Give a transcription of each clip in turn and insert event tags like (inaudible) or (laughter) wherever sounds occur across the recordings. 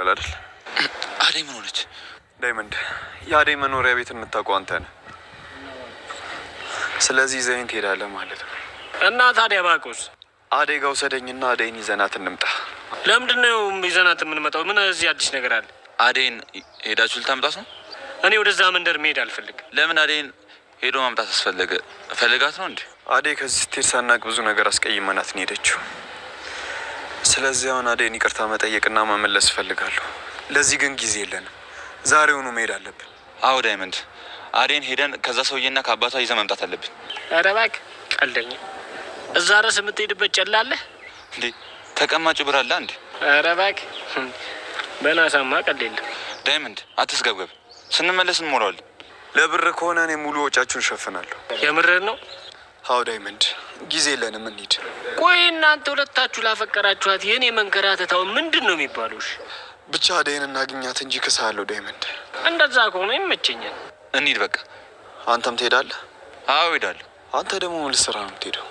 ይባላል አይደል? አደይ ምን ሆነች? ዳይመንድ የአደይ መኖሪያ ቤት የምታውቀው አንተ ነህ። ስለዚህ ዘይን ትሄዳለህ ማለት ነው። እና ታዲያ ባቁስ አደይ ጋር ውሰደኝና አደይን ይዘናት እንምጣ። ለምንድን ነው ይዘናት የምንመጣው? ምን እዚህ አዲስ ነገር አለ? አደይን ሄዳችሁ ልታምጣት ነው? እኔ ወደዛ መንደር መሄድ አልፈልግ። ለምን አደይን ሄዶ ማምጣት አስፈለገ? ፈልጋት ነው እንዴ? አደይ ከዚህ ስትሄድ ሳናቅ ብዙ ነገር አስቀይመናት ነው ሄደችው። ስለዚህ አሁን አደይን ይቅርታ መጠየቅና መመለስ እፈልጋለሁ። ለዚህ ግን ጊዜ የለንም። ዛሬውኑ መሄድ አለብን። አዎ ዳይመንድ፣ አደይን ሄደን ከዛ ሰውዬና ከአባቷ ይዘ መምጣት አለብን። ኧረ እባክህ ቀልደኛ፣ እዛ ረስ የምትሄድበት ጨላለህ እንዴ? ተቀማጭ አለ እንዴ? ኧረ እባክህ በናሳማ ቀልድ የለም። ዳይመንድ አትስገብገብ፣ ስንመለስ እንሞላዋለን። ለብር ከሆነ እኔ ሙሉ ወጫችሁን እሸፍናለሁ። የምርህን ነው? አዎ ዳይመንድ ጊዜ የለንም፣ እንሂድ። ቆይ እናንተ ሁለታችሁ ላፈቀራችኋት የእኔ መንከራተታው ምንድን ነው የሚባሉሽ? ብቻ አደይን እናግኛት እንጂ ክሳለሁ። ዳይመንድ፣ እንደዛ ከሆነ ይመቸኛል። እንሂድ በቃ። አንተም ትሄዳለህ? አዎ እሄዳለሁ። አንተ ደግሞ ምን ልትሰራ ነው የምትሄደው?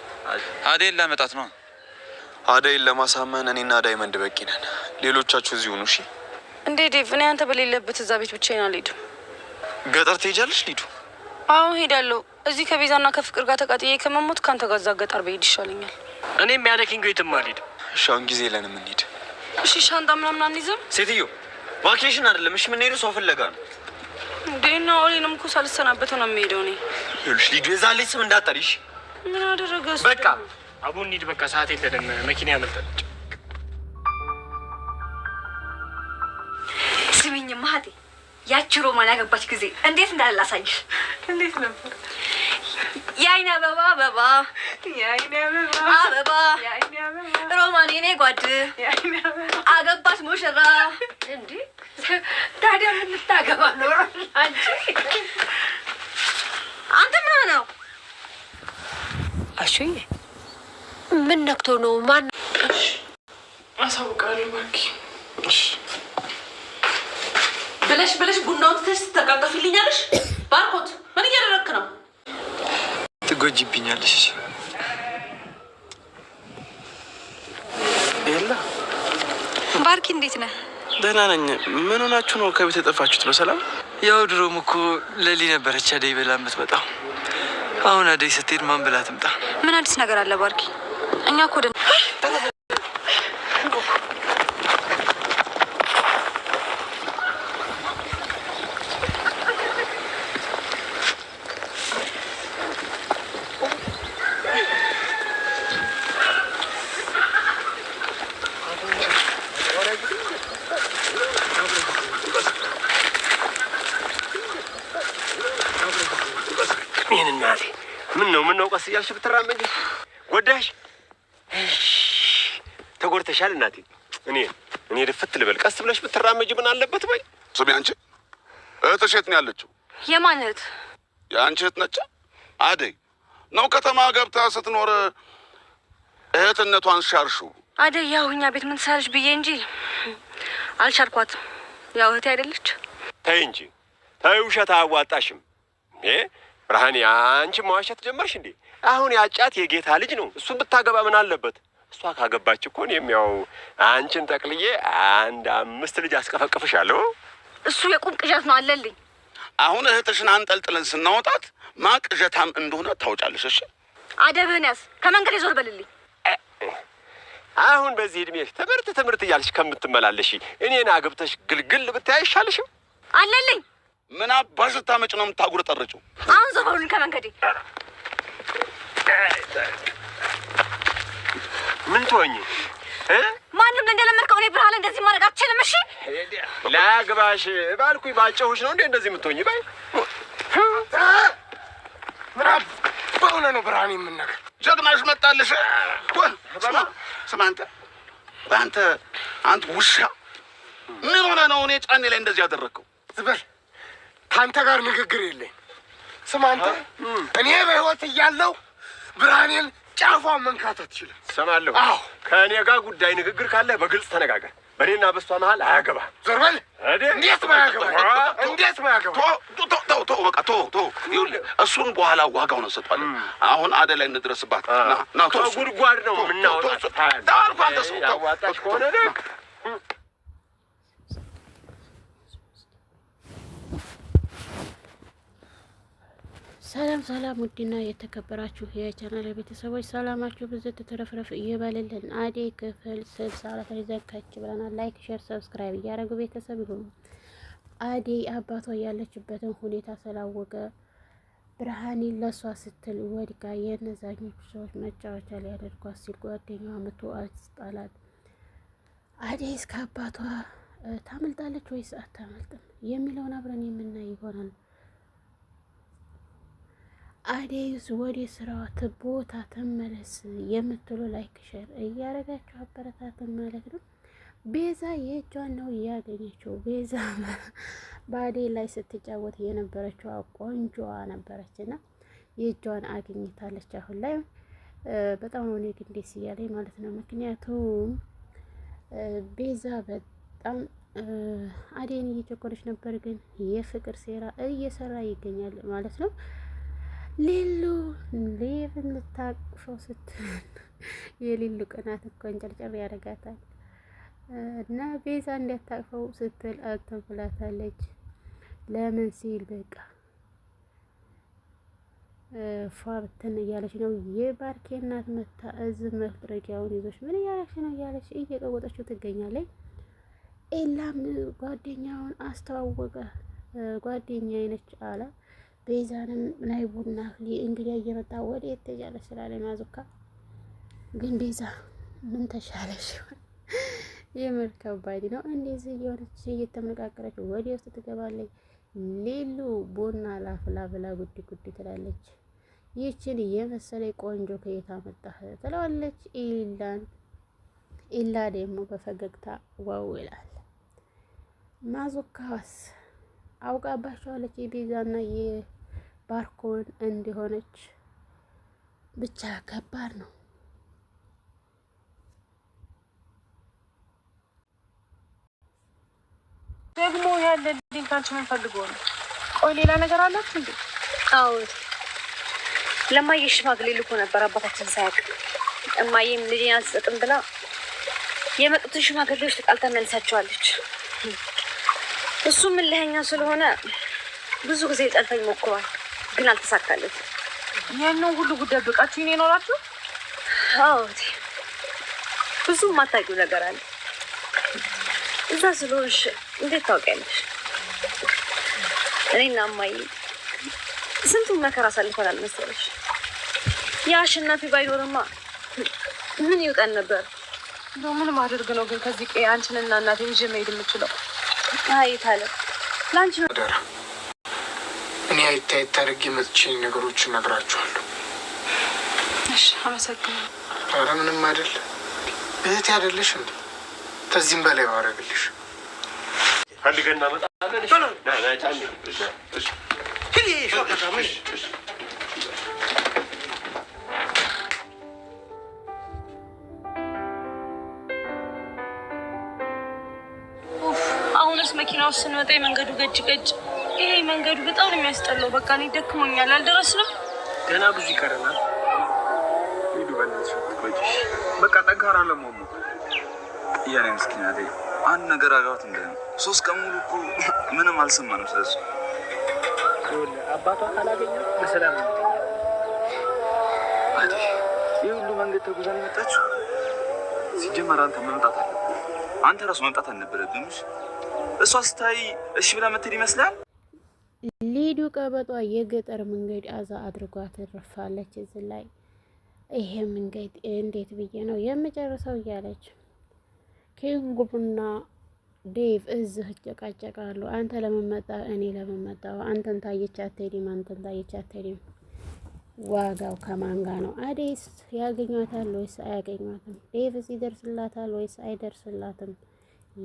አደይን ላመጣት ነው። አደይን ለማሳመን እኔና ዳይመንድ በቂ ነን። ሌሎቻችሁ እዚህ ሁኑ። እሺ እንዴ ዴቭ፣ እኔ አንተ በሌለበት እዛ ቤት ብቻዬን አልሄድም። ገጠር ትሄጃለሽ ሊዱ አሁን ሄዳለሁ። እዚህ ከቤዛና ከፍቅር ጋር ተቃጥዬ ከመሞት ከአንተ ጋር እዛ ገጠር በሄድ ይሻለኛል። እኔ የሚያደኪንጎ የትም አልሄድም። እሺ አሁን ጊዜ የለንም እንሂድ። እሺ ሻንጣ ምናምን አንይዝም። ሴትዮ ቫኬሽን አይደለም እሺ፣ የምንሄደው ሰው ፍለጋ ነው። ዴና ኦሌንም እኮ ሳልሰናበት ነው የሚሄደው። እኔ ይኸውልሽ ሊዱ የዛ ልጅ ስም እንዳጠሪሽ። ምን አደረገ በቃ አቡ እንሂድ በቃ ሰዓት የለንም። መኪና ያመልጣለች። ስሚኝማ ማህቴ ያቺ ሮማን ያገባች ጊዜ እንዴት እንዳለ ላሳይሽ። እንዴት ነበር? የአይን አበባ አበባ አበባ ሮማን የኔ ጓድ አገባች ሙሽራ። እንዴ ታዲያ ምን ልታገባ ነው? አንተ ምን ነው አሹዬ? ምን ነክቶ ነው? ማን አሳውቃለሁ። ማኪ ብለሽ ብለሽ ቡናውን ትተሽ ስተቃቀፊልኛለሽ። ባርኮት ምን እያደረክ ነው? ትጎጂብኛለሽ። የለ ባርኪ፣ እንዴት ነህ? ደህና ነኝ። ምን ሆናችሁ ነው ከቤት የጠፋችሁት? በሰላም ያው ድሮም እኮ ለሊ ነበረች አደይ ብላ የምትመጣው። አሁን አደይ ስትሄድ ማን ብላ ትምጣ? ምን አዲስ ነገር አለ ባርኪ? እኛ እኮ ቀስ እያልሽ ብትራመጂ ጎዳሽ፣ ተጎድተሻል እናቴ። እኔ እኔ ድፍት ልበል፣ ቀስ ብለሽ ብትራመጂ ምን አለበት? በይ ስሚ፣ አንቺ እህትሽ የት ነው ያለችው? የማን እህት? የአንቺ እህት ነች አደይ። ነው ከተማ ገብታ ስትኖር እህትነቷን ሻርሹ አደይ። ያው እኛ ቤት ምን ትሰራለች ብዬ እንጂ አልሻርኳትም። ያው እህቴ አይደለች። ተይ እንጂ ተይ፣ ውሸት አያዋጣሽም። ብርሃኔ አንቺ መዋሸት ጀመርሽ እንዴ? አሁን ያጫት የጌታ ልጅ ነው። እሱ ብታገባ ምን አለበት? እሷ ካገባች እኮ እኔም ያው አንቺን ጠቅልዬ አንድ አምስት ልጅ አስቀፈቅፍሻለሁ። እሱ የቁም ቅዠት ነው አለልኝ። አሁን እህትሽን አንጠልጥለን ስናወጣት ማቅዠታም እንደሆነ ታውጫለሽ። እሺ አደብህን ያዝ፣ ከመንገድ ዞር በልልኝ። አሁን በዚህ እድሜሽ ትምህርት ትምህርት እያልሽ ከምትመላለሽ እኔን አግብተሽ ግልግል ብታይ አይሻልሽም? አለልኝ ምን አባሽ ስታመጭ ነው የምታጉረጠረጭው? አሁን ዘፈኑን ከመንገዴ ምን ትሆኝ? ማንም እንደለመድከው እኔ ብርሃን እንደዚህ ማድረግ አትችልም። እሺ ላግባሽ ባልኩኝ ባጨሁሽ ነው እንዴ እንደዚህ የምትሆኝ? ባይ ምራብ በሆነ ነው ብርሃን የምናገር ጀግናሽ መጣልሽ። ስማ አንተ አንተ አንተ ውሻ ምን ሆነ ነው እኔ ጫኔ ላይ እንደዚህ ያደረግከው? ዝበል ከአንተ ጋር ንግግር የለኝ። ስማ አንተ እኔ በህይወት እያለው ብርሃኔን ጫፏን መንካት አትችልም። ሰማለሁ። አዎ ከእኔ ጋር ጉዳይ ንግግር ካለ በግልጽ ተነጋገር። በእኔና በሷ መሀል አያገባ። ዞር በል። እንዴት ማያገባ? እንዴት ማያገባ? ተው በቃ ተው ተው። ይኸውልህ እሱን በኋላ ዋጋው ነው ሰጧል። አሁን አደ ላይ እንድረስባት ና። ጉድጓድ ነው ምናወጣ ተው አልኩህ። አንተ ሰው ደግ ሰላም ሰላም፣ ውድና የተከበራችሁ የቻናል ቤተሰቦች ሰላማችሁ ብዙ ተተረፍረፍ እየበልልን አዴ ክፍል ስልሳ አራት ይዘን ከች ብለናል። ላይክ፣ ሼር፣ ሰብስክራይብ እያደረጉ ቤተሰብ ይሁኑ። አዴ አባቷ ያለችበትን ሁኔታ ስላወቀ ብርሃኔ ለእሷ ስትል ወድቃ የነዛኞቹ ሰዎች መጫወቻ ላይ ሲል ጓደኛዋ መቶ አስጣላት። አዴ እስከ አባቷ ታመልጣለች ወይስ አታመልጥም የሚለውን አብረን የምናይ ይሆናል። አደይዝ ወደ ስራዋ ቦታ ተመለስ የምትሉ ላይክ ሸር እያረጋችሁ አበረታትን ማለት ነው። ቤዛ የእጇን ነው እያገኘችው። ቤዛ በአደይ ላይ ስትጫወት የነበረችው ቆንጆዋ ነበረች እና የእጇን አግኝታለች። አሁን ላይ በጣም ነው እኔ ግን ደስ እያለኝ ማለት ነው። ምክንያቱም ቤዛ በጣም አደይን እየጨቆነች ነበር፣ ግን የፍቅር ሴራ እየሰራ ይገኛል ማለት ነው። ሌሉ ሌብ ልታቁሸው ስትል (laughs) የሌሉ ቅናት እኮ እንጨርጨር ያደርጋታል። እና ቤዛ እንዲያታቅፈው ስትል አተንኩላታለች። ለምን ሲል በቃ ፏብትን እያለች ነው። የባርኬ እናት መታ እዝ መፍረጊያውን ይዞች ምን እያለች ነው እያለች እየቀወጠችው ትገኛለች። ኤላም ጓደኛውን አስተዋወቀ። ጓደኛ አይነች አላ ቤዛንም ናይ ቡና ክሊ እንግዲያ እየመጣ ወደ የተጃለ ስላለኝ ማዙካ ግን ቤዛ ምን ተሻለሽ? የምር ከባድ ነው። እንደዚህ እየሆነች እየተመነቃቀረች ወደ ውስጥ ትገባለች። ሌሉ ቡና ላፍላ ብላ ጉድ ጉድ ትላለች። ይህችን የመሰለ ቆንጆ ከየት አመጣህ ትለዋለች። ኢላን ኢላ ደግሞ በፈገግታ ዋው ይላል። ማዞካስ አውቃባቸዋለች የቤዛና ባርኮን እንደሆነች ብቻ ከባድ ነው። ደግሞ ያለ ሊንካንች ምን ፈልጎ ነው? ቆይ ሌላ ነገር አላት እንዴ? አዎ ለማየ ሽማግሌ ልኮ ነበር አባታችን ሳያቅ እማየም ልጄን አልሰጥም ብላ የመጡትን ሽማግሌዎች ተቃልታ መልሳቸዋለች። እሱም እልኸኛ ስለሆነ ብዙ ጊዜ ጠልፈኝ ሞክሯል። ግን አልተሳካለት። ይህንን ሁሉ ጉዳይ ብቃችሁ ይኔ የኖራችሁ? አዎ፣ ብዙ የማታውቂው ነገር አለ። እዛ ስለሆንሽ እንዴት ታውቂያለሽ? እኔና እማዬ ስንቱን መከራ አሳልፈናል መሰለሽ። ያ አሸናፊ ባይኖርማ ምን ይውጠን ነበር? እንደው ምን ማድረግ ነው ግን ከዚህ ቀይ አንቺንና እናቴን ይዤ መሄድ የምችለው? አይ ታለ ላንቺ ነው እኔ አይታየት አድርጌ መጥቼ ነገሮች እነግራችኋለሁ። እሺ፣ አመሰግናለሁ። ኧረ ምንም አይደል። እህቴ አይደለሽ እንዴ? ከዚህም በላይ ባረግልሽ ፈልገን እናመጣለን። አሁንስ መኪና ውስጥ ስንወጣ የመንገዱ ገጭ ገጭ ይሄ መንገዱ በጣም ነው የሚያስጠላው። በቃ እኔ ደክሞኛል። አልደረስንም፣ ገና ብዙ ይቀረናል። ሂዱ በእናትሽ አትቆጪሽ። በቃ ጠንካራ ለመሆኑ እያኔ ምስኪና አንድ ነገር አጋት እንደ ሶስት ቀን ሙሉ እኮ ምንም አልሰማንም ስለሱ። አባቷ ካላገኘ በሰላም ይህ ሁሉ መንገድ ተጉዛን የመጣችው ሲጀመር አንተ መምጣት አለ አንተ ራሱ መምጣት አልነበረብህም። እሷ ስታይ እሺ ብላ ምትል ይመስላል። ሊዱ ቀበጧ የገጠር መንገድ አዛ አድርጓት ትርፋለች። እዚህ ላይ ይሄ መንገድ እንዴት ብዬ ነው የምጨርሰው እያለች ኪንጉና ዴቭ እዚህ እጨቃጨቃሉ። አንተ ለመመጣ እኔ ለመመጣ አንተን ታየች አትሄድም፣ አንተን ታየች አትሄድም። ዋጋው ከማንጋ ነው? አዴስ ያገኟታል ወይስ አያገኟትም? ዴቭስ ይደርስላታል ወይስ አይደርስላትም?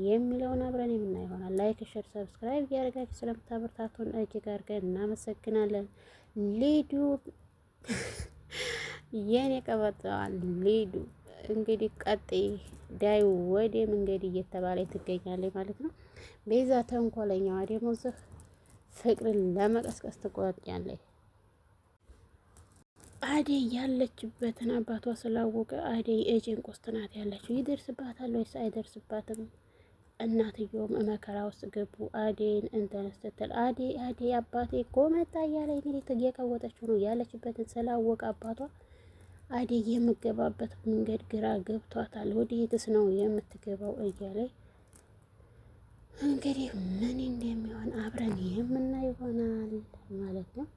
የሚለውን አብረን የምናይ ይሆናል። ላይክ፣ ሸር፣ ሰብስክራይብ እያደረጋችሁ ስለምታበርታቱን እጅግ አድርገን እናመሰግናለን። ሊዱ (laughs) የኔ ቀበጠዋል ሊዱ እንግዲህ ቀጣይ ዳይ ወደ መንገድ እየተባለ ትገኛለች ማለት ነው። ቤዛ ተንኮለኛዋ ደግሞ እዚህ ፍቅርን ለመቀስቀስ ትቆርጫለች። አደይ ያለችበትን አባቷ ስላወቀ አዴ እጅን ቁስትናት ያለችው። ይደርስባታል ወይስ አይደርስባትም? እናትየውም መከራ ውስጥ ገቡ። አዴን እንትን ስትል አዴ አዴ አባቴ እኮ መጣ እያለ እንግዲህ እየቀወጠችው ነው ያለችበትን ስላወቅ አባቷ አዴ የምገባበት መንገድ ግራ ገብቷታል። ወዴትስ ነው የምትገባው እያለ እንግዲህ ምን እንደሚሆን አብረን የምናይ ይሆናል ማለት ነው።